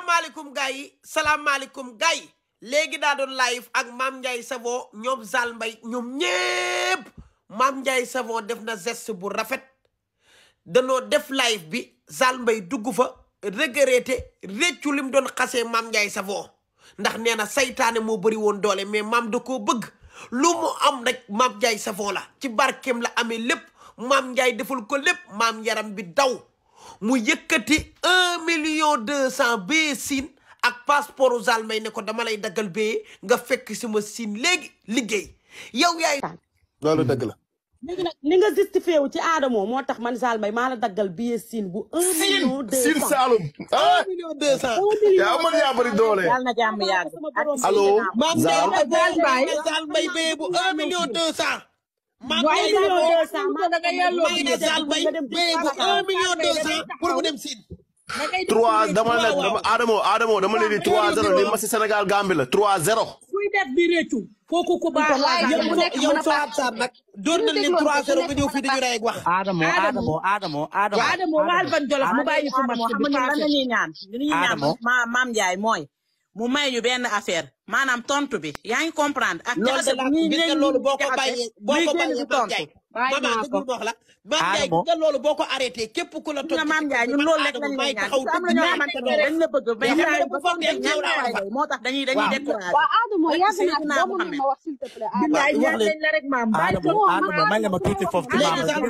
salaamaaleykum gars yi salaamaaleykum gars yi léegi daa doon live ak maam Ndiaye Savon ñoom Zal Mbaye ñoom ñépp maam Ndiaye Savon def na geste bu rafet danoo def live bi Zal mbay dugg fa regretté réccu lim doon xasee maam Ndiaye Savon ndax nee na saytaane moo bari woon doole mais maam da koo bëgg lu mu am rek maam Ndiaye Savon la ci barkeem la amee lépp maam Ndiaye deful ko lépp maam yaram bi daw mu yëkkati un million deux cent bee siin ak passeport u Zalmay ne ko dama lay daggal bee nga fekk si ma siin léegi liggéey yow yaay. loolu dëgg la. léegi ni nga justifié wu ci Adamo moo tax man Zalmay maa la daggal billet Sine ah! bu. un million deux cent Sine Saalum. un million deux cent. na jàmm yàgg. allo. maam Zalmay Zalmay billet bu un million deux cent. maam Zalmay million deux cent. pour mu dem Sine. trois dama la dama Adamo Adamo dama leen di trois zéro li ma si Sénégal Gambie la trois zéro. kuy def di réccu kooku ku baax yow Fatou Sarr nag door na leen trois zéro nga ñëw fii dañu rey wax. Adamo Adamo Adamo Adamo Adamo waxal ban jolof mu bàyyi ko match bi lan la ñaan li ñuy ñaan ma maam Ndiaye mooy mu may ñu benn affaire maanaam tontu bi yaa ngi comprendre. ak loolu de la loolu boo ko bàyyee boo ko bàyyee maam Ndiaye waaye maa ko wax la. maam Ndiaye nga boo ko arrêté képp ku la. toog maam Ndiaye ñun loolu rek lañu lay moo tax dañuy dañuy découragé. waaw Adamo yàgg naa ko ma wax s'il te plaît. bilaay ñaan nañ la rek la ma tuuti foofu ci maam léegi sax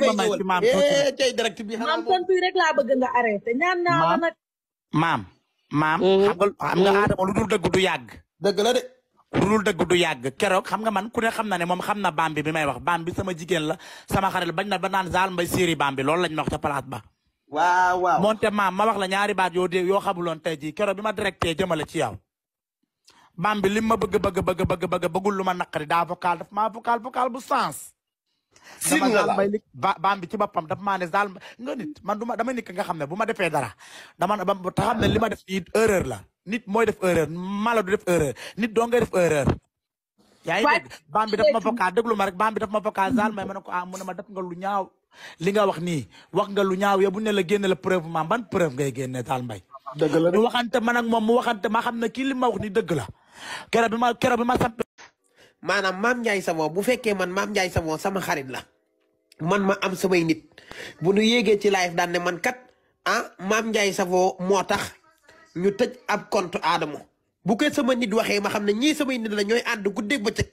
may ñëwal nga arrêté ñaan naa lu dul dëgg du yàgg. dëgg la de. rul dëgg gudu yag keroog xam nga man ku ne xam na ne moom xam na bambi bi may wax bambi sama jigen la sama xarit bañ na ba naan mbay bambi loolu lañ ma wax ca palaat ba. waaw waaw moonte maam ma wax la ñaari baat yoo dee yoo xamuloon tey jii keroog directé ci bambi lim ma bëgg bëgg bëgg bëgg bëgg bëggul lu ma naqari vocal daf vocal vocal bu sens. ba bambi ci boppam daf maa ne zaal nga nit man du dama nit nga xam ne bu ma dara dama ta xam ne li def nii erreur la. nit mooy def erreur mala du def erreur nit doo ngay def erreur. yaa ngi dégg baam bi daf ma fokkaa déglu ma rek baam bi daf ma fokkaa zaal may ma ne ko ah mu ne ma def nga lu ñaaw li nga wax nii wax nga lu ñaaw yow bu ne la génne la preuve ma ban preuve ngay génne daal mbay. dëgg la ñu waxante man moom mu waxante ma xam ne kii li ma wax la keroog ma keroog bi ma sant. maanaam maam bu fekkee man maam Ndiaye Savon sama xarit la man ma am samay nit bu nu ci live daan ne man ah, maam Ndiaye Savon moo tax. ñu tëj ab compte Adamo bu koy sama nit waxee ma xam ne ñii sama nit la ñooy ànd guddeeg bëccëg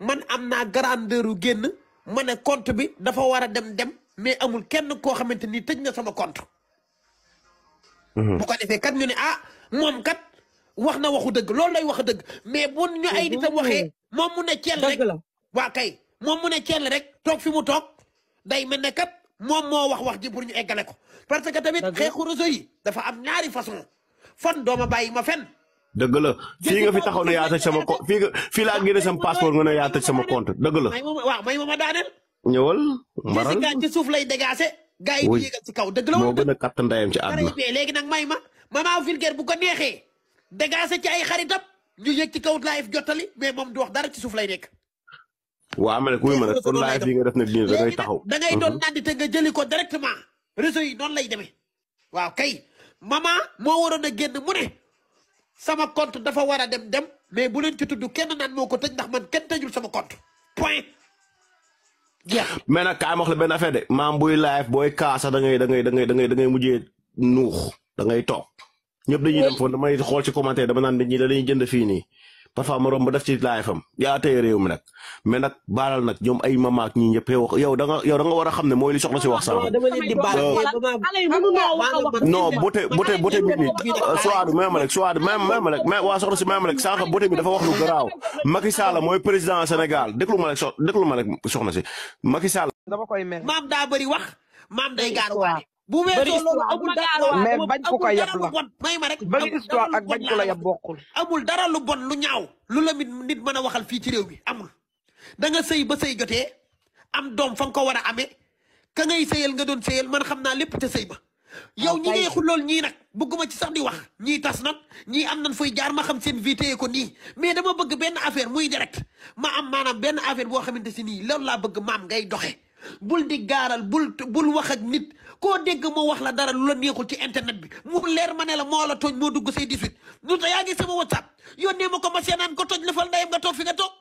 man am naa grandeur u génn ma ne compte bi dafa war a dem dem mais amul kenn koo xamante ni tëj na sama compte. Mhm. bu ko defee kat ñu ne ah moom kat wax na waxu dëgg loolu lay wax dëgg mais bu ñu ay nitam mhm. waxee moom mu ne ceel rek waa kay moom mu ne ceel rek toog fi mu toog day mel ne kat moom moo wax wax ji pour ñu eggale ko parce que tamit xeexu réseau yi dafa am ñaari façon. fon dooma bàyyi ma fen dëgg la fii nga fi taxaw ne yaa sama compte fii nga fii laa génne sama passeport nga may ma ma daaneel. ñëwal. mbaral ci suuf lay dégaase. gaa yi di ci kaw dëgg la moo gën a katt ndayam ci àdduna léegi nag may ma maman vulgaire bu ko neexee dégaase ci ay xaritam ñu yëg ci kaw live jottali mais moom du wax dara ci suuf lay nekk. waaw ma ne ku muy mën a kon live yi nga def ne bii da ngay taxaw. da ngay doon mhm. naan te nga jëli ko directement réseau yi lay deme waaw maman moo waroon a génn mu ne sama compte dafa war a dem dem mais bu leen ci tudd kenn naan moo ko tëj ndax man kenn tëjul sama compte point. jeex mais nag kaay ma wax la benn affaire de maam buy live booy kaasa sax da ngay da ngay da ngay da da ngay mujjee nuux da ngay toog. ñëpp dañuy dem foofu damay xool ci commentaire dama naan nit ñi da lañuy jënd fii nii. parfois ma romb def ci laay fam yaa tey réew mi nag mais nag baalal nag ñoom ay mama ak ñi ñëpp wax yow da nga yow war a xam ne mooy li soxla si wax sànq. non bote bote bote bi nii Souadou ma rek Souadou même même rek mais waa soxla si même rek sànq bote bi dafa wax lu garaaw Macky Sall mooy président Sénégal déglu ma so déglu ma rek soxna si Macky Sall. dama koy mer maam daa bëri wax bu weesoo loolu amul dara bañ ko ko yab la may ma rek bëri histoire bañ ko la yab bokkul amul dara lu bon lu ñaaw lu la nit mën a waxal fii ci réew mi amul da nga sëy ba sëy jotee am doom fa nga ko war a amee ka ngay sëyal nga doon sëyal man xam naa lépp te sëy ba ah, yow ñi ngay xullool ñii nag bëgguma ci sax di wax ñii tas nag ñii am nañ foy jaar ma xam seen vie téye ko nii mais dama bëgg benn affaire muy direct ma am maanaam benn affaire boo xamante si nii loolu laa bëgg maam ngay doxe bul di gaaral bul bul wax ak nit koo dégg moo wax la dara lu la neexul ci internet bi mu leer ma ne la moo la tooñ moo dugg say 18 nu ta yaa ngi sama whatsapp yónnee ma ko ma seenaan ko tooñ fal ndeyam nga toog fi nga toog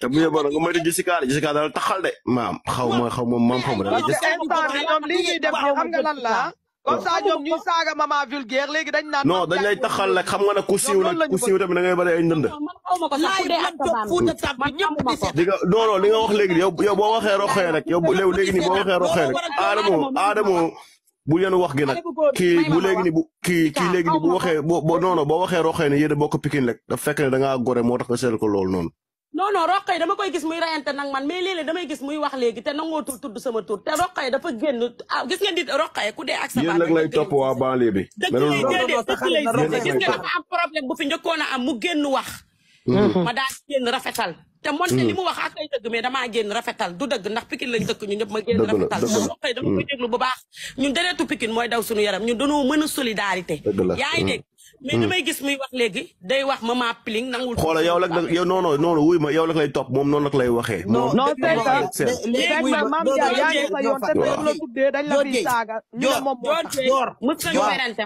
te bu yeboo nga moytu Jessica de Jessica daal taxal de maam xaw ma xaw ma maam xaw ma daal ñoom li ñuy def xam nga lan la comme ça ñoom ñuy saaga maman vulgaire léegi dañ dañ lay taxal rek xam nga ne ku siiw nag ku siiw tamit da ngay bëri ay ndënd xamuma ko sax ku dee ak sa baam man xamuma ko ah, di nga non non li nga wax léegi yow yow boo waxee roxee rek yow léegi nii boo waxee roxee rek Adamo Adamo bu leen wax gi nag kii bu léegi ni bu kii kii léegi ni bu waxee boo non non boo waxee roxee ne yéen a bokk Pikine rek da fekk ne da ngaa gore moo tax nga ko loolu noonu non non roqay dama koy gis muy rayante nag man mais léeg-léeg damay gis muy wax léegi te nangootul tudd sama tur te roqay dafa génn gis ngeen di roqay ku dee ak sa yéen nag lay topp waa banlieue bi dia, lay déedéet dëgg lay gis nga dafa am problème bu fi njëkkoon a am mu génn wax Mhm. ma daa génn rafetal. te moonte li mhm. mu wax ak ay dëgg mais damaa génn rafetal du dëgg ndax Pikine lañ dëkk ñu ñëpp ma génn rafetal ndax moo koy dama koy mhm. déglu bu baax ñun deretu Pikine mooy daw suñu yaram ñun dañoo mën a solidarité yaa ngi dégg mais damay gis muy wax léegi day wax mama piling nangul xoolal yow lak yow non non wuy ma yow lak lay topp moom noonu lak lay waxee non non c'est ça maam yaa ngi sa yoon te yoon la tuddee dañ la saaga ñu moom moo tax joor mës werante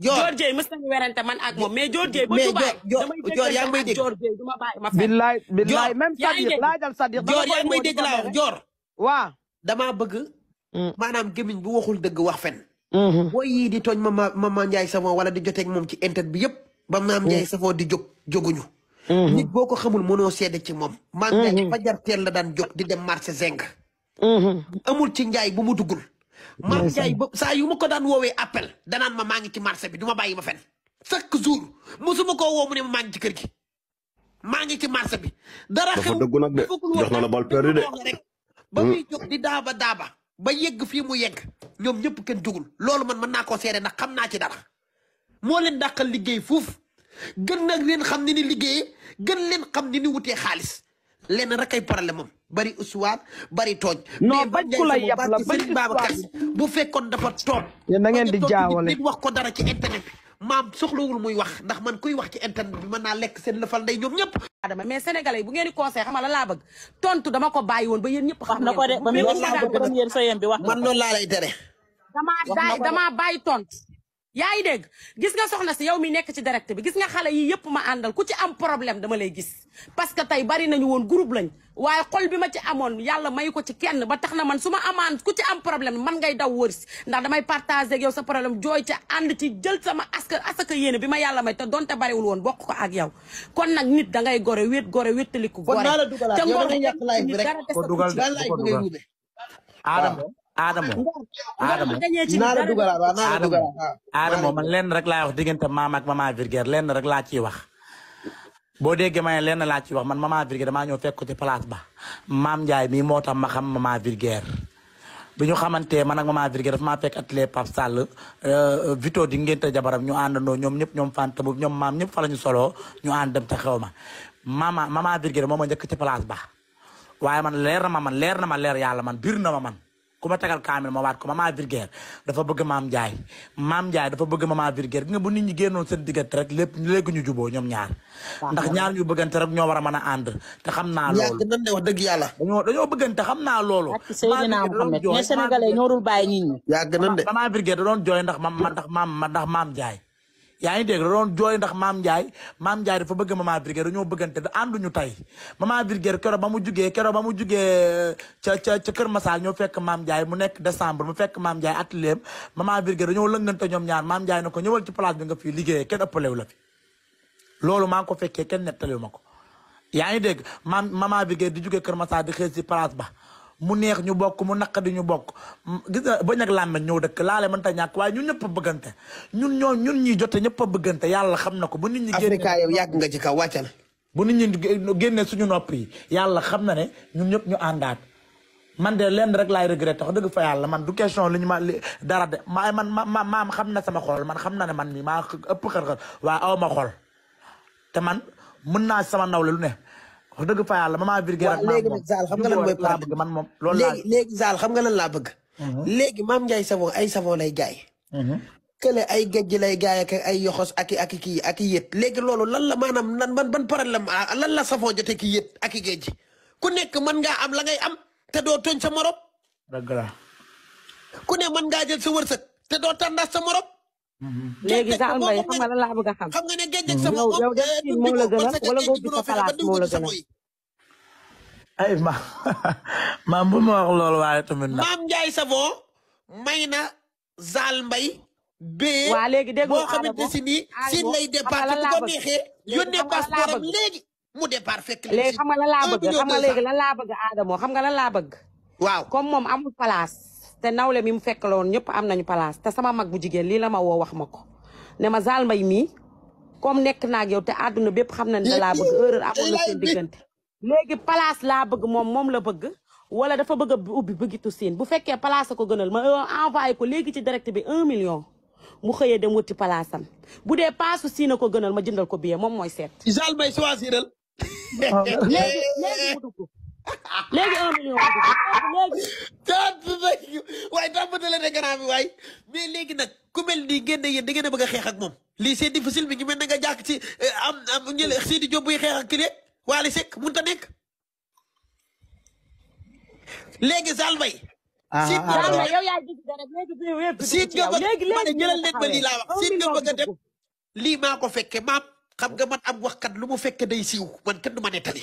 Dior Dieye mës nañu werante man ak moom mais Dior Dieye ba Dubaï ma bàyyi ma fenn. même Sadir laajal Sadir. Dior yaa ngi may dégg laa wax Dior. waaw damaa bëgg. Mm. maanaam gémmiñ bu waxul dëgg wax fen mm-hmm. boo yii di tooñ ma mama Ndiaye Savon wala di joteeg moom ci internet bi yëpp. ba maam Ndiaye mm. Savon di jóg jóguñu. Mm-hmm. boo ko xamul mënoo seede ci moom. maam Ndiaye mm-hmm. fajar teel la daan jóg di dem marché Zeng. amul ci Ndiaye bu mu duggul. Mame Ndiaye ba saa yu ma ko daan woowee appel danaan ma maa ngi ci marché bi du ma bàyyi ma fen chaque jour mosuma koo woo mu ne ma maa ngi ci kër gi maa ngi ci marché bi. dara xew dafa dëgg nag de na la balle perdue de ba muy mm. jóg di daaba daaba ba yegg fii mu yegg ñoom ñëpp kenn jugul loolu man mën naa koo seere ndax xam naa ci dara moo leen dàqal liggéey fuuf gën nag leen xam ni ni liggéeyee gën leen xam ni ni wutee xaalis leen rek ay problème moom bari uswat, bari toj No, bañ ko lay yapp la bari Babacar bu fekkon dafa top ya ngeen di jaawale nit wax ko dara ci internet bi maam soxlawul muy wax ndax man kuy wax ci internet bi mën naa lekk seen lëfal day ñom ñep adama mais sénégalais bu ngeen di conseil xama la laa bëgg tontu dama ko bayyi won ba yeen ñep xam na ko ba mi wax laa bëgg ñeen sa yeen bi wax man non la lay téré dama dama bayyi tontu yaa ngi dégg gis nga soxna si yow mi nekk ci direct bi gis nga xale yi yëpp ma àndal ku ci am problème dama lay gis parce que tey bari nañu woon group lañ waaye xol bi ma ci amoon yàlla may ko ci kenn ba tax na man su ma amaan ku ci am problème man ngay daw wër si ndax damay partager ak yow sa problème jooy ci ànd ci jël sama aska asaka yéene bi ma yàlla may te donte bariwul woon bokk ko ak yow kon nag nit dangay gore wéet gore wéttaliku gore te ngor dara des ko dugal Adama Adamo Adamo naara dugal naara dugal Adamo man lenn rek laa wax diggante maam ak mama virger, lenn rek laa ciy wax boo déggee ma ne lenn laa wax man mama virger, damaa ñëw fekk ko ci place ba mam Ndiaye mii moo ma xam mama virger, bi ñu man ak mama virger, dafa fekk atelier Pape Sall eh, Vito di jabaram ñu àndandoo ñoom ñëpp ñoom fanta boobu ñoom maam ñëpp fa la ñu ñu ta mama mama virger, moo ma ci place ba waaye man leer na man leer na ler leer yàlla man birna na ma man ku ma tagal kaamil ma waat ko maman Virgère dafa bëgg maam Ndiaye maam Ndiaye dafa bëgg ma Virgère gi nga bu nit ñi génnoon seen diggante rek lépp léegi ñu juboo ñoom ñaar ndax ñaar ñu bëggante rek ñoo war a mën a ànd te xam naa loolu nan ne wax dëgg yàlla dañoo bëggante xam naa loolu Sénégalais ñoo dul bàyyi nit ñi yàgg nan de maman Virgère da doon jooy ndax maam ndax maam ndax maam Ndiaye yaa ngi dégg da doon jooy ndax maam Ndiaye maam Ndiaye dafa bëgg mama birger dañoo bëggante da ànduñu tey mama birger keroog ba mu jugee keroog ba mu jugee ca ca ca Kër Massar ñoo fekk maam Ndiaye mu nekk décembre mu fekk maam Ndiaye atelier mama birger Birguer dañoo lëngante ñoom ñaar maam Ndiaye na ko ñëwal ci place bi nga fii liggéeyee kenn ëppalewu la fi loolu maa ngi ko fekkee kenn nettaliwu ma ko yaa ngi dégg maam maman Birguer di jugee Kër Massar di xëy si place ba mu neex ñu bokk mu naqadi ñu bokk gis nga ba ñag làmmeñ ñëw dëkk laale man ta ñàkk waaye ñun ñëpp bëggante ñun ñoo ñun ñuy jote ñëpp bëggante yàlla xam na ko bu nit ñi Afrika yow yàgg nga ci kaw wàccal bu nit ñi génnee suñu nopp yi yàlla xam na ne ñun ñëpp ñu àndaat man de lenn rek laay regretté wax dëgg fa yàlla man du question li ñu ma dara de ma man ma maam xam na sama xol man xam na ne man mi maa ëpp xër xar waaye aw ma xol te man mën naa sama nawle lu ne wax dëgg fa yàlla xam nga lan mooy problème man moom loolu léegi léegi Zal laa bëgg mhm. léegi maam Ndiaye savon ay savon lay jaay mhm. kële ay géej lay gaay ay yoxos ak i ak kii ak i yët léegi loolu lan la maanaam nan man ban lam a ah, lan la savon jote ki yët ak i géej ku nekk man ngaa am la ngay am te doo tooñ sa morom dëgg la ku ne mën ngaa jël sa wërsëg te doo tàndaas sa morom Mm-hmm. léegi daal mbay xam nga lan laa xam. xam ne géej ak sama bopp Ndiaye Savon may na Zal Mbay. bee waa léegi dégg xam nga lan laa laa bëgg Adamo xam nga la laa bëgg. waaw comme moom amul palaas. te nawle mi mu fekk la woon ñëpp am nañu palace te sama mag bu jigéen lii la ma woo wax ma ko ne ma Zale Mbaye mii comme nekk naa ak yow te àdduna bépp xam na ne laa bëgg erreur amoon na seen diggante. léegi place laa bëgg moom moom la bëgg wala dafa bëgg a ubbi bëggitu siin bu fekkee place ko gënal ma euh, envoyé ko léegi ci direct bi un million mu xëyee dem wuti place am bu dee paasu siin ko gënal ma jëndal ko billet moom mooy seet. Zale Mbaye choisiral ah. léegi léegi un million léegi. léegi waaye tàmbatale ne grand bi mais léegi nag ku mel nii ngeen ne yéen da ngeen a bëgg a xeex ak moom lii c'est difficile bi ngi mel na nga jàkk ci eh, am am ñu a nekk. léegi Sall Mbaye. ah ah waaw ah. yow yaa gis dara léegi nga bëgg ma ne jëlal leen ba lii laa wax Sidi nga a dem. lii maa ko fekke maam xam nga man am waxkat lu mu fekke day siiw man kenn du ma nettali.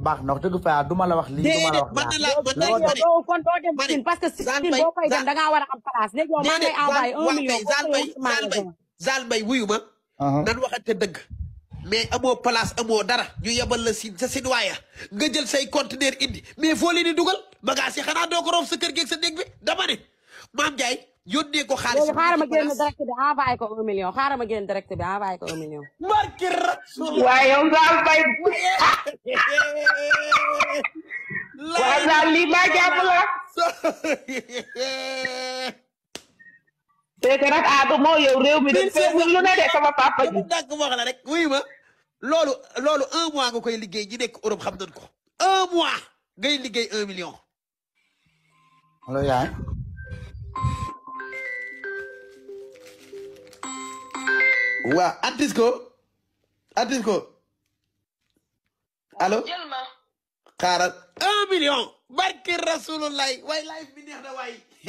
baax na wax dëgg fa du ma la wax lii du ma la wax parce que Sine boo koy dem da ngaa a am place léegi yow maa ngi lay envoyé un million Zal Mbaye wuyu ma uh-huh. nan waxante dëgg mais amoo place amoo dara ñu yebal la Sine sa Sine waaya nga jël say conteneur indi mais foo leen di dugal bagages yi xanaa doo ko sa kër geeg sa néeg bi dama ne maam Ndiaye yónnee ko xaalis bi xaaral ma génn direct bi envoyé ko un million xaaral ma génn direct bi envoyé ko un million. waaye yow Saal Faye. waaw Saal lii maa jàpp la. c'est que nag moo yow réew mi de fépp lu ne de sama papa ji. dàgg ma loolu un mois nga koy liggéey ji nekk Europe xam nañ ko. un mois ngay liggéey un million. allo yaay. waa artiste ko artiste ko allo xaaral un million barki rasulullah waay live bi neex na waay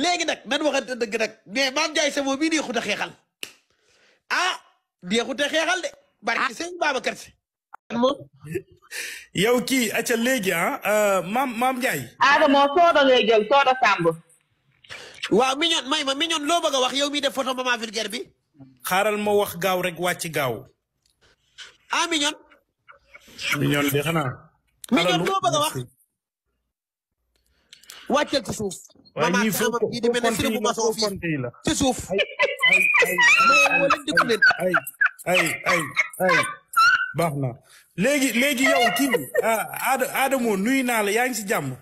léegi nag nan waxante dëgg nag mais maam Ndiaye Savon bii neexut a xeexal ah neexut a xeexal de barki sëñ Babacar Si yow kii aca léegi ah maam euh, maam Ndiaye Adama sooda ngay jël sooda Samb waaw miñoon may ma miñoon loo bëgg a wax yow mi def photo maman vulgaire bi. xaaral ma wax gaaw rek wàcc gaaw. ah miñoon. miñoon de xanaa. miñoon loo bëgg a wax. wàccal ci suuf. waaye ñii foo ko fonte la ci suuf. ay ay ay ay baax na léegi léegi yow ah, Adamo nuyu naa la yaa ngi si jàmm.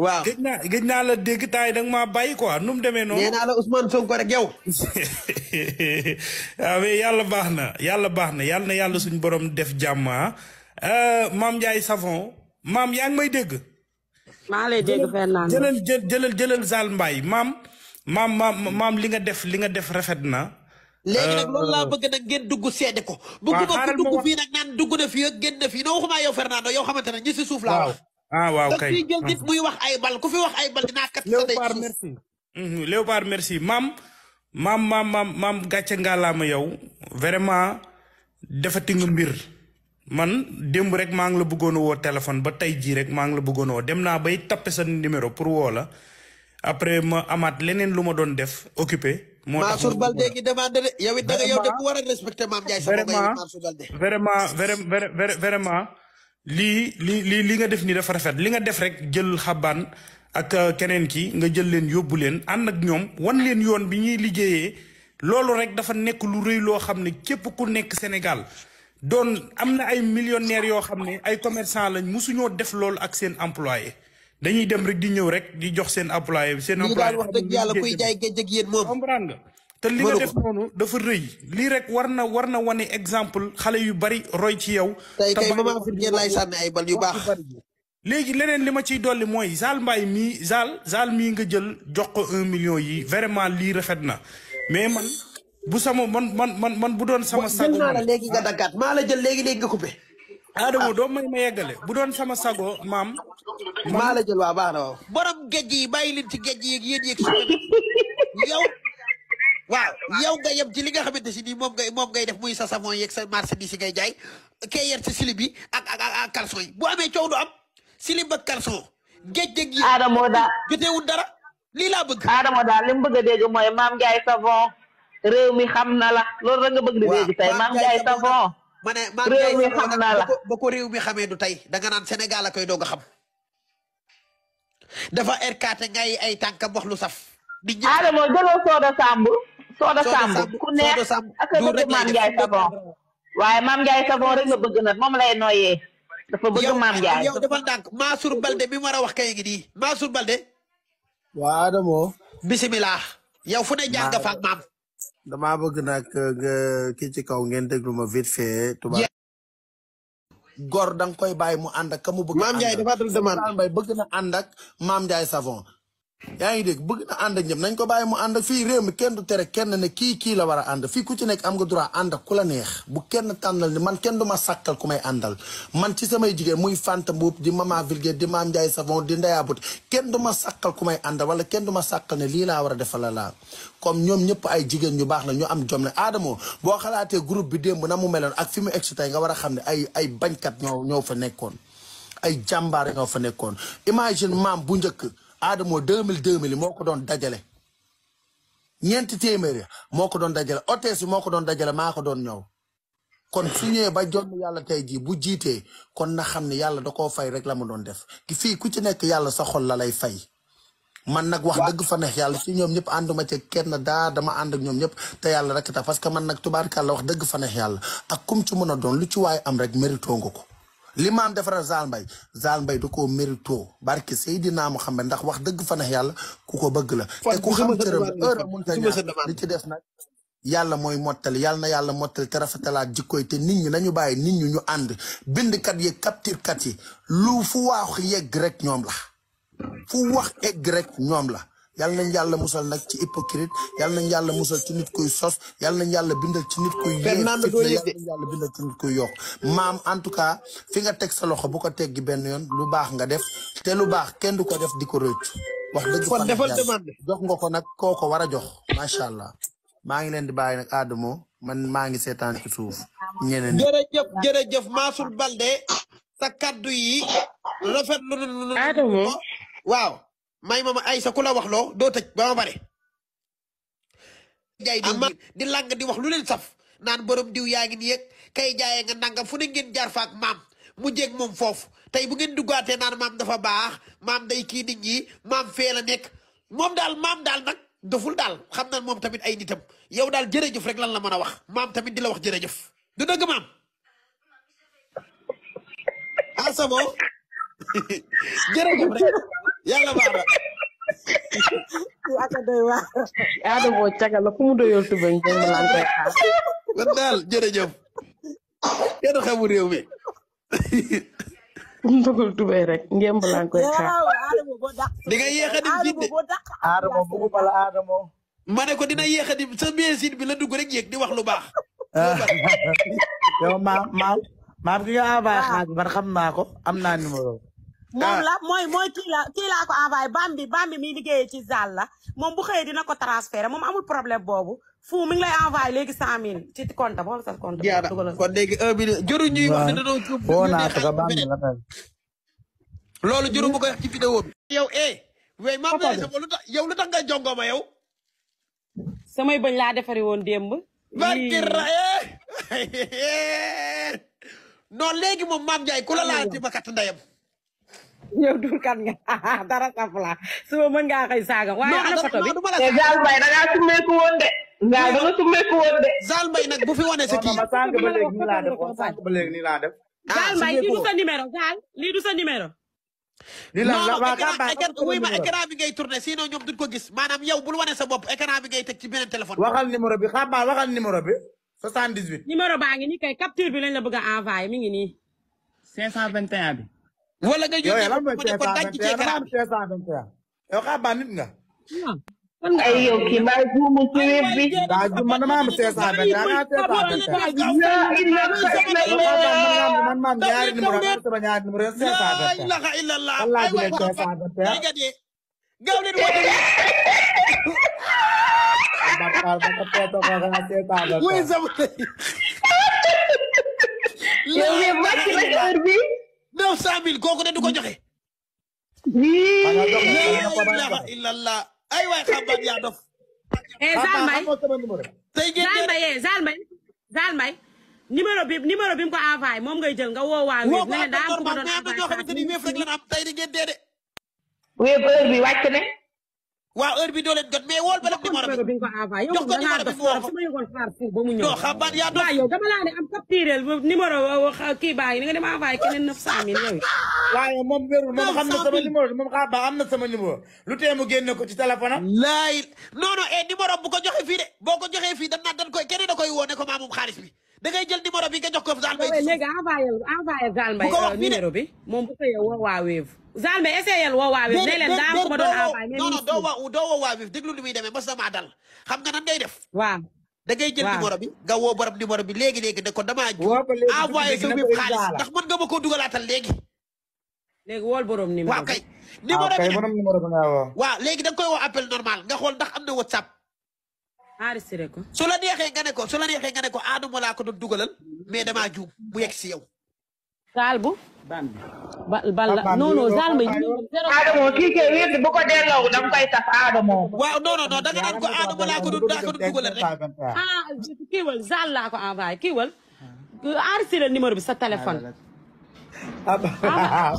waaw gëj naa naa la dégg temps yi da nga maa bàyyi quoi nu mu demee noonu. nee naa la Ousmane Sonko rek yow. waaw ah, mais baax na yàlla baax na yàlla na yàlla suñu borom def jàmm ah. Euh, maam Ndiaye Savon maam yaa ngi may dégg. maa lay dégg Fernand jëlal jëlal jëlal Zal Mbaye maam. maam maam maam li nga def li nga def rafet na. léegi nag euh, loolu laa bëgg nag ngeen dugg seede ko. waaw a ma wax bëgguma ko dugg fii nag naan dugg na fii ak génn na Fernando yow xamante ne ñi si suuf laa. ah waaw kay da jël ah. wax ay bal ku fi wax ay bal dinaa kat. Mhm, Léopard merci. Léopard merci maam maam maam maam maam gàcce ngàllaama yow vraiment defati nga mbir man démb rek maa ngi la bëggoon a woo téléphone ba tey jii rek maa ngi la bëggoon a woo dem na bay tappe sa numéro pour woola la après ma amaat leneen lu ma doon def occupé. moo tax Mansour Balde gi yow it da maam Ndiaye li li li li nga def ni dafa rafet li nga def rek jël xaban ak euh, keneen ki nga jël leen yóbbu leen ànd ak ñoom wan leen yoon bi ñuy liggéeyee loolu rek dafa nekk lu rëy loo xam ne képp ku nekk Sénégal doon am na ay millionnaire yoo xam ne ay commerçant lañ mosuñoo def loolu ak seen employé dañuy dem rek di ñëw rek di jox seen employé seen employé wax dëgg yàlla kuy jaay yéen moom comprendre nga te li nga def noonu dafa rëy. lii rek war na war na wane exemple xale yu bari roy ci yow. tey kay maman Fournier lay sànni ay bal yu baax. léegi leneen li ma ciy dolli mooy Zal Mbaye mii Zal Zal mii nga jël jox ko un million yi vraiment lii rafet na mais man bu sama man man man man bu doon sama. sago maa la léegi nga daggaat maa la jël léegi léegi nga coupé. Adamo doo may ma yeggale bu doon sama sago maam. maa la jël waa baax na waaw. borom géej yi bàyyi leen ci géej yi ak yéen yeeg yow. waaw yow nga yem ci li nga xamante si nii moom ngay moom ngay def muy sa savon yeeg sa marchandise yi ngay jaay kee yer ci slip bi ak ak amee coow du am slip ak caleçon géej yi Adamo dara lii laa bëgg Adamo daal li mu bëgg a dégg mooy Mame Ndiaye savon réew mi xam na la loolu rek nga bëgg di dégg tey Mame Ndiaye savon ma ne Mame Ndiaye savon nag ba ko réew mi xamee du tey danga naan Sénégal a koy doog a xam dafa erkaate ngay ay tànkam wax lu saf Adamo jëloo sooda Samb Sooda Samb ku a bëgg Maam Ndiaye Savon waaye Maam Ndiaye Savon rek nga bëgg nag moom lay nooyee dafa bëgg Maam Ndiaye yow dafa ndànk Mansour Balde bi mu wax kay ngi nii Mansour Balde waa Adamo bisimilah yow fu ne jàng fa ak bëgg nag uh, nga kii ci kaw ngeen déglu ma vite fait tubaab koy bàyyi mu ànd ak ka mu maam Ndiaye dafa yaa ngi dégg bëgg na ànd ak ñëpp nañ ko bàyyi mu ànd fii réew mi kenn du tere kenn ne kii kii la war a ànd fii ku ci nekk am nga droit ànd ak ku la neex bu kenn tànnal ne man kenn du ma sàkkal ku may àndal man ci samay jigéen muy Fanta Mbuub di Mama Vilgué di Maam Ndiaye Savon di Ndeya but kenn du ma sàkkal ku may àndal wala kenn du ma sàkkal ne lii laa war a defal la laa comme ñoom ñëpp ay jigéen ñu baax la ñu am jom ne Adamo boo xalaatee groupe bi démb na mu meloon ak fi mu egsi tey nga war a xam ne ay ay bañkat ñoo ñoo fa nekkoon ay jàmbaar ñoo fa nekkoon imagine maam bu njëkk Adamo deux mille deux mille moo ko doon dajale ñeenti téeméer moo ko doon dajale otees yi moo ko doon dajale maa ko doon ñëw kon su ñëwee ba jonn yàlla tey jii bu jiitee kon na xam ne yàlla da koo fay rek la mu doon def ki fii ku ci nekk yàlla sa xol la lay fay man nag wax dëgg fa ne yàlla si ñoom ñëpp ànduma ci kenn daa dama ànd ak ñoom ñëpp te yàlla rek tax parce que man nag tubaarkàlla wax dëgg fa neex yàlla ak kum ci mën a doon lu ci waay am rek mérito nga ko l'imam maam defaral Zale Mbaye Zale Mbaye mérito barke sayidina Muhammad ndax wax deug fa neex yàlla kuko beug la. te ku xam cëram heure mun ta ñaar li ci des nak yàlla moy motal yàlla na yàlla motal te rafetalaat jikkooy te nit ñi nañu baye nit ñi ñu ànd bind kat yi capture kat yi lu fu wax yegg rek ñom la fu wax egg rek ñom la. yal nañ yalla musal nak ci hypocrite yal nañ yalla musal ci nit koy sos yal nañ yalla bindal ci nit kuy yéeg yal nañ yalla bindal ci nit koy yok maam en tout cas fi nga tek sa loxo bu ko teggi ben yon lu bax nga def te lu bax kenn du ko def diko reut wax deug kon defal demande jox nga ko nag koo jox machallah allah ngi len di baye nak Adamo man ma ngi setan ci souf ñeneen jere jef Mansour Balde sa kaddu yi rafetlu Adamo waaw may ma ma ay saku la wax loo doo tëj ba ma bare jaay di làng di wax lu leen saf naan borom diw yaa ngi nii yëg kay jaayee nga nangam fu ne ngeen jaar faak maam mu jéeg moom foofu tey bu ngeen duggaatee naan maam dafa baax maam day kii nit ñi maam fee la nekk moom daal maam daal nag doful daal xam na moom tamit ay nitam yow daal jërëjëf rek lan la mën a wax maam tamit di la wax jërëjëf du dëgg maam asamo ah, jërëjëf rek yàlla baax na. yaakaar doy waar. Adama boo cagal la fu mu doyoo tubañ jëm mu naan koy xaar. kon réew mi. mu dogul tubay rek ngeen balaan koy xaar. di nga yéex a dem fii de. ma ne ko dina yéex a dem sa meesin bi la dugg rek yéeg di wax lu baax. yow maam maam maam ki nga envoyé xaalis man xam naa ko am naa numéro. moom ah. la mooy mooy kii la kii laa ko envoyé bambi bambi miy liggéeyee ci zal la moom bu xëyee dina ko transféré moom amul problème boobu fu mi ngi lay envoyé léegi cent mille ci compte ba sa compte. jaara loolu jëru bu ko wax ci vidéo bi. yow eh. wey maa lay lu tax yow nga jongo ma bañ laa defaree woon démb. barki raye eh. moom Mame Ndiaye ku la laal ci bakkat ndeyam. yow dul kan nga ah, ah, dara saf la suba mën ngaa koy saaga waaye ana photo bi te Zale Mbaye da ngaa summeeku woon de. Zale da nga summeeku woon de. Zale Mbaye nag bu fi wane sa kii. sànq ba léegi nii laa def sànq ba léegi nii laa def. Zale Mbaye lii du sa numéro Zale lii du sa numéro. li la la waa Kambal non non écran bi ngay tourné sinon ñoom duñ ko gis maanaam yow bul wane sa bopp écran bi ngay teg ci beneen téléphone. waxal numéro bi Kambal waxal numéro bi. 78. numéro baa ngi nii kay capture bi lañ la bëgg a envoyé mi ngi nii. 521 bi. wala nga yónnee ko mu ne ko daj ci garab yow xaa baa nit nga. ay yow kii maa juum ci wéb bi. daa juum man maa am 521 maa 521. yaa illa Allah man maa am ñaari numéro ak sama ñaari numéro 521. ilaha illa Allah Allah ji leen 521. gaw leen woote. Bakar ba ko teeto ko nga 521. wuy sama yow yëpp wàcc na heure bi. neuf cent mille kooku de du ko hmm. joxe. laa illallah ay waay xambaat yaa dof. Eh, Zalmay tey jii Zalmay eh, Zalmay Zalmay numéro bi numéro bi mu ko envoyé moom ngay jël nga woo waa Wave ne daa am ku ma doon envoyé saa am tey de ngeen dee de. Wave heure bi wàcc waaw heure bi doole jot mais wool ba lépp numéro bi ko envoyé yow da ngaa def foofu su ma yëgoon xaar suuf ba mu ñëw. ne am capturé numéro euh, kii baa dem envoyé keneen moom wérul moom xam na sama numéro moom xaar ba am na sama numéro lu tee mu génne ko ci téléphone am. laay non non et eh, bu ko joxe fii de boo ko joxee fii dañ naan dañ koy keneen da koy woo ne ko maa moom xaalis bi. da ngay jël numéro bi nga jox ko Zalmay. léegi envoyé envoyé Zalmay euh, numéro bi moom bu fekkee woo waa Wave. Zalmay essayé woo waa Wave. nee leen daa am ku ma lu muy demee ba sama dal xam nga nan ngay def. waaw da ngay jël bi nga woo borom bi léegi léegi ne ko damaa. ndax mën nga koo dugalaatal léegi. léegi wool borom numéro bi. waaw kay numéro ah, bi waaw léegi da koy woo appel normal nga xool ndax am na WhatsApp enregistré ko su la neexee nga ne ko su ko Adama laa ko doon dugalal mais damaa juum mu yegg si yow. saal bu. bala non saal ma. Adama kii kay wér bu ko delloo da nga koy taf Adama. naan ko Adama laa ko doon laa rek. ah kii saal laa ko envoyé kii wal enregistré numéro bi sa téléphone.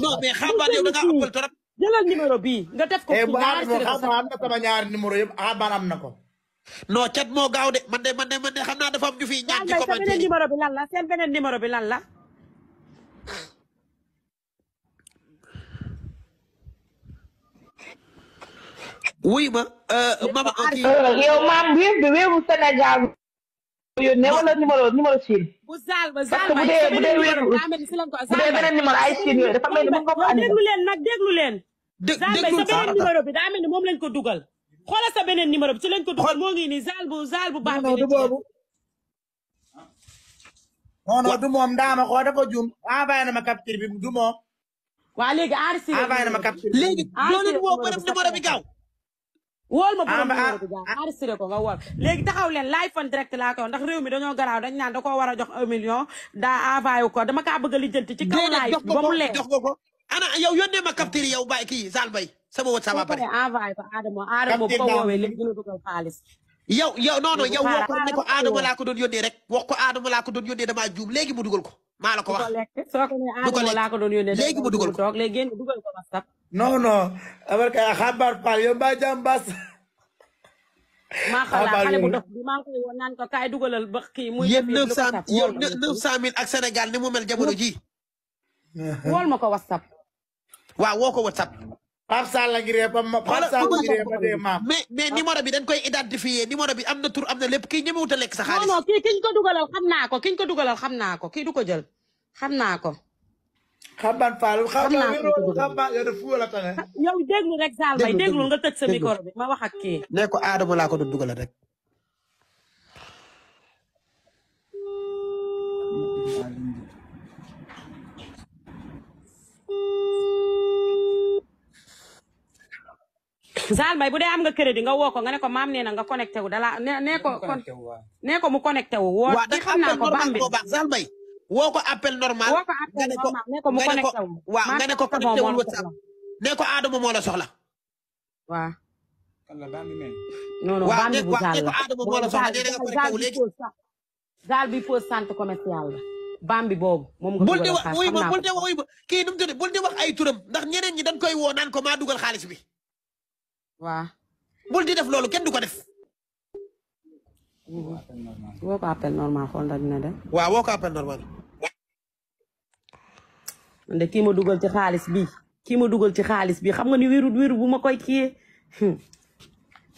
non mais xam nga yow da ngaa ëppal trop. jëlal numéro bii nga def ko. nga enregistré ko na ko. non cat moo gaaw de man de man de man xam naa dafa ñu fi ñaan ci commentaire beneen numéro bi lan la seen beneen numéro bi lan la. wuy ma. Euh, mama kii yow maam wéew bi wéewu Sénégal. yónnee wala numéro numéro Chine. bu zaal ba zaal ba ay beneen numéro bu dee beneen numéro ay Chine yooyu dafa mel ni mën nga ko andi. déglu leen leen. déglu zaal beneen numéro bi daa mel ni moom lañ ko dugal. xoolal sa beneen numéro bi ci lañ ko dugal moo ngi nii zaal bu zaal bu baax. non non du boobu. non non du moom ndaama ko dafa juum envoyé na ma capture bi du moom. waa léegi enregistré envoyé na ma capture bi léegi doo leen woo borom numéro bi gaaw. wool ma borom numéro bi gaaw enregistré ko nga wool léegi taxaw leen live fan direct laa ko ndax réew mi dañoo garaaw dañ naan da koo war a jox un million daa envoyé ko dama kaa bëgg a lijjanti ci kaw laay ba mu leer jox ko ko ana yow yónnee ma capture yow bàyyi kii Sall Mbaye sama wot sama bari envoyé ko Adama Adama boo woowee lépp gën a dugal xaalis yow yow non non yow woo ko ne Adama laa ko doon yónnee rek wax ko Adama laa ko doon yónnee damaa juum léegi mu dugal ko maa la ko wax soo ko nee Adama laa ko doon yónnee léegi mu dugal ko toog léegi ko WhatsApp non dugalal ba kii muy yéen neuf cent yéen neuf cent ak Sénégal ni mu mel wool ma ko WhatsApp waaw woo ko WhatsApp Pape Sall ngi ree ba mais mais ah. numéro bi dañ koy identifier numéro bi am na tur am na lépp kii ñemewut a lekk sa xaalis. non non kii kiñ ko dugalal xam naa ko kiñ ko dugalal xam naa ko kii du ko jël xam naa ko. xam naa ko xam naa ko xam naa yow déglu rek Sall Mbaye déglu nga tëj sa micro bi ma wax ak kii. ne ko Adama laa ko doon dugalal rek. Zalmay bu dee am nga crédit nga woo ko nga ne ko maam nee na nga connecté wu dala ne nee ko. connecté wu nee ko mu connecté wu. woo ci xam naa ko bambi Zalmay woo ko appel normal. woo ko appel normal nee ko mu connecté wu. waaw nga ne ko connecté wu WhatsApp nee ko Adama moo la soxla. waaw. non non bambi bu Zal la waaw nee ko Zal bi pose centre commercial la. bambi boobu moom nga. dugal xaalis xam naa ko bul de wax wuy ma bul de wax wuy ma kii nu mu tudd bul de wax ay turam ndax ñeneen ñi dañ koy woo naan ko maa dugal xaalis bi. waaw bul di def loolu kenn du ko def. Mm-hmm. woo ko appel normal xool ndax dina dem. waaw woo ko ma dugal ci xaalis bi kiima ma dugal ci xaalis bi xam nga ni wérut wérut bu ma koy kiyee hmm.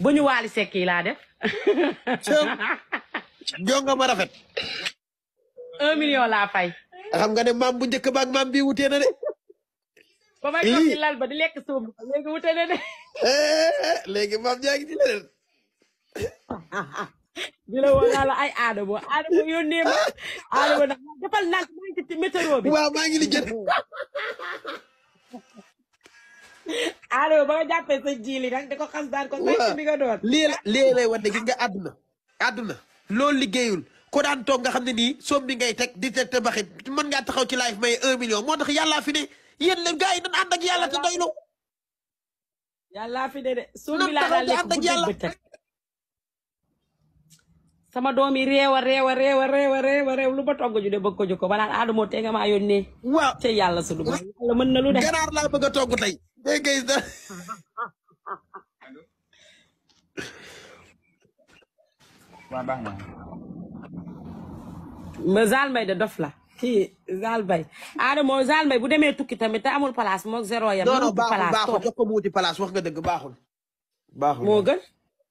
ba ñu waali sekk yi jonga ma rafet. un million laa fay. xam nga ne maam bu njëkk ba ak maam bii wutee de. ba may toog ci lal ba di lekk suuf léegi wute na de. Eh, léegi maam jaa ngi ci leneen. di la ay Adama Adama yónnee ma Adama nag defal naa météo bi. waaw maa ngi li jënd. Adama ba nga jàppee sa jiili nag di ko xas daan ko. waaw saytu bi nga doon. lii la lii lay wane gis nga àdduna. àdduna loolu liggéeyul. ko daan toog nga xam ne nii soob bi ngay teg di teg te baxit mën ngaa taxaw ci live may un million moo tax yàllaa fi ne yéen la gars yi dañ ànd ak yàlla te doylu yàllaa fi de de suun bi laa daan lekk guddeeg sama doom yi réew a réew a lu ba togg ju de bëgg ko ju ko ba naan Adamo tey te yàlla sunu bopp yàlla mën na lu de. ganaar laa bëgg a togg tey. dégg nga. waaw baax na. Mbazal de dof la. kii Zal Mbaye Adamo Zal Mbaye bu demee tukki tamit te amul place moog zéro yam. non baaxul baaxul jox wax nga dëgg baaxul. baaxul moo gën.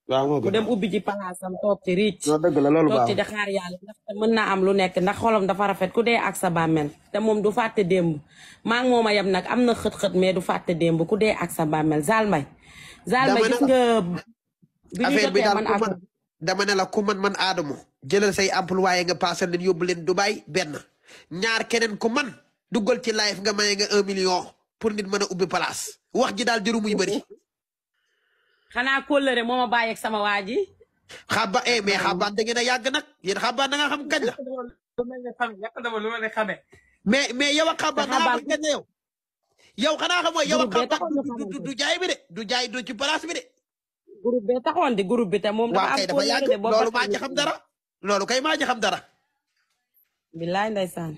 waaw moo gën bu dem ubbi ji place am toog ci riic. dëgg la loolu baaxul toog ci daxaar yàlla ndax mën naa am lu nekk ndax xolam dafa rafet ku dee ak sa bàmmeel. te moom du fàtte démb maa ngi moom a yem nag am na xët-xët mais du fàtte démb ku dee ak sa bàmmeel Zal Mbaye. Zal Mbaye gis nga. bi ñu jotee man affaire bi ne la ku man man Adamo jëlal say employé nga paasal leen yóbbu leen Dubaï benn ñaar keneen ku man duggal ci live nga maye nga 1 million pour nit mën ubi ubbi place wax ji daal jëru muy xana ko leere moma baye ak sama waji xaba eh mais xaba da ngeen a yàgg nag yéen xabaan da nga xam kañ la mais mais yow ak xabaan da nga xam yow yow xanaa xamoo yow du du jaay bi de du jaay do ci place bi de groupe bi taxoon di groupe bi te am ci xam dara billaay ndaysan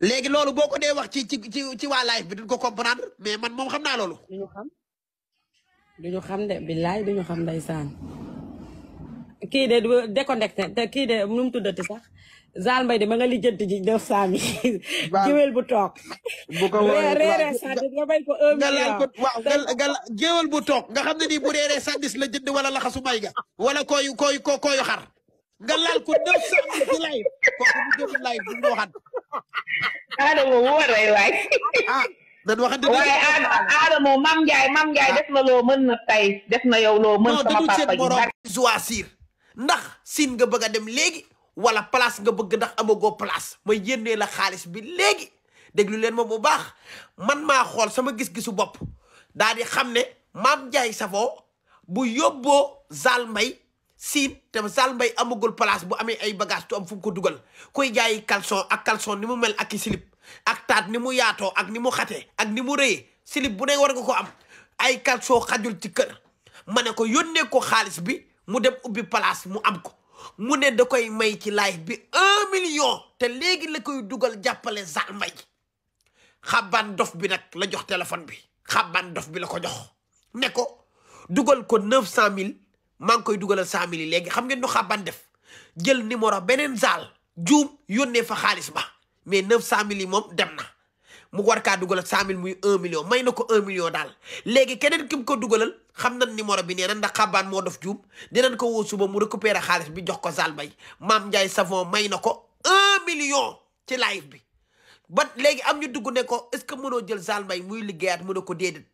legui lolu boko de wax ci ci ci wa live bi du ko comprendre mais man mom xamna lolu duñu xam duñu xam de billaay duñu xam ndaysan ki de déconnecté te ki de num tuddati sax Zal mbay de ma nga lijjanti ji neuf cent mille. géwél bu toog. bu ko reeree sànni nga bay ko 1 million. gal gal géwél bu tok nga xam bu reeree sànni la jënd wala xasu may ga. wala koy koy koy xar. nga laal ko deux cent mille ci live bu déglu live bu ñu waxaat. waay. ah dañ waxante ne. waaye Adama Mam ah. def na loo mën na tey def na yow loo mën sama papa ji. choisir ndax siin nga bëgg a dem léegi wala place nga bëgg ndax amagoo place ma yénnee la xaalis bi léegi déglu leen ma bu baax man maa xool sama gis-gisu bopp daal di xam ne Mam Ndiaye Savon bu yóbboo Zal Mbaye siin te Sall mbay amagul place bu amee ay bagage tu am fu mu ko dugal kuy jaayi caleçon ak caleçon ni mu mel ak i ak taat ni mu yaatoo ak ni mu xatee ak ni mu reyee slip bu ne war nga ko am ay caleçon xajul ci kër ma ne ko yónnee ko xaalis bi mu dem ubbi place mu am ko mu ne da koy may ci live bi un million te léegi la koy dugal jàppale Sall Mbaye xabaan dof bi nag la jox téléphone bi xabaan dof bi la ko jox ne ko dugal ko neuf cent mille maa koy dugalal 100 mille legi xam ngeen nu xaban def jël numéro benen zal juum yónnee fa xaalis ba mais 900 cent mom demna mu war ka dugalal 100 mille muy 1 million may nako 1 million dal legi keneen kim ko dugalal xam nañ numéro bi nee ndax xaban mo def juum dinañ ko wo suba mu récupérer xaalis bi jox ko zal bay mam Ndiaye Savon may nako 1 million ci live bi ba legi am ñu dugg ne ko est-ce que mënoo jël zaal mbay muy liggéeyaat mu ko dedet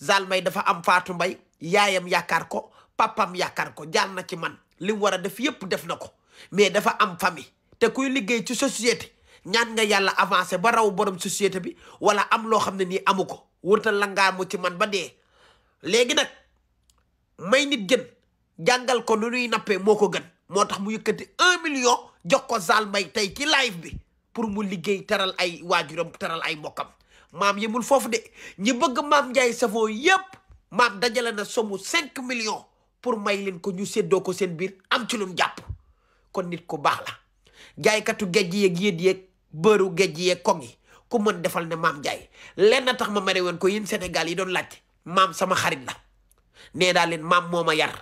zal bay dafa am fatou bay yaayam yakar ko papam yaakaar ko jaar na ci man li mu war a def yépp def na ko mais dafa am famille te kuy liggéey ci société ñaan nga yàlla avancé ba raw borom société bi wala am loo xam ne nii amu ko wurtal la ngaa ci man ba dee léegi nag may nit gën jàngal ko nu nuy nappee moo ko gën moo tax mu yëkkati un million jox ko Zal Mbaye tey ci live bi pour mu liggéey teral ay waajuram teral ay mbokkam maam yemul foofu de ñi bëgg maam Ndiaye Savon yépp maam dajale na somu cinq millions pour may leen ko ñu séddoo ko seen biir am ci luñ jàpp kon nit ku baax la jaaykatu géej yeeg yéet yeeg bëru gejj yeeg koŋ yi ku mën defal ne maam jaay lenn tax ma mere woon ko yéen Sénégal yi doon laajte maam sama xarit la nee daa leen maam moo ma yar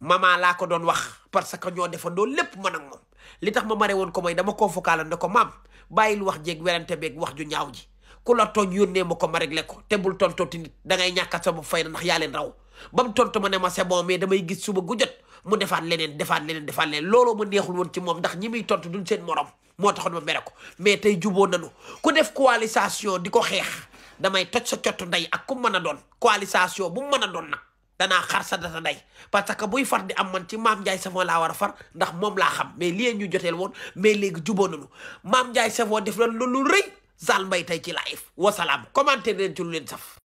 mama laa ko doon wax parce que ñoo defandoo lépp man ak moom li tax ma mare woon ko mooy dama koo fokkaala ne ko maam bàyyil wax jéeg werante beeg wax ju ñaaw ji ku la tooñ yónnee ma ko ma réglé ko te bul tontooti nit dangay ñàkkat sa bopp fay na ndax yaa leen raw ba mu ma ne ma c'est bon mais damay gis suba gu jot mu defaat leneen defaan leneen defaat leneen looloo ma neexul woon ci moom ndax ñi muy tontu duñ seen morom moo taxoon ma mere ko mais tey juboo nanu ku def coalisation di ko xeex damay toj sa cottu ndey ak ku mën a doon coalisation bu mën a doon nag danaa xar sa data ndey parce que buy far di am man ci maam Ndiaye Savon laa war a far ndax moom laa xam mais lii ñu joteel woon mais léegi juboo nanu maam Ndiaye Savon def lan lu rëy Zal Mbaye tey ci live wasalaam commenté leen ci leen saf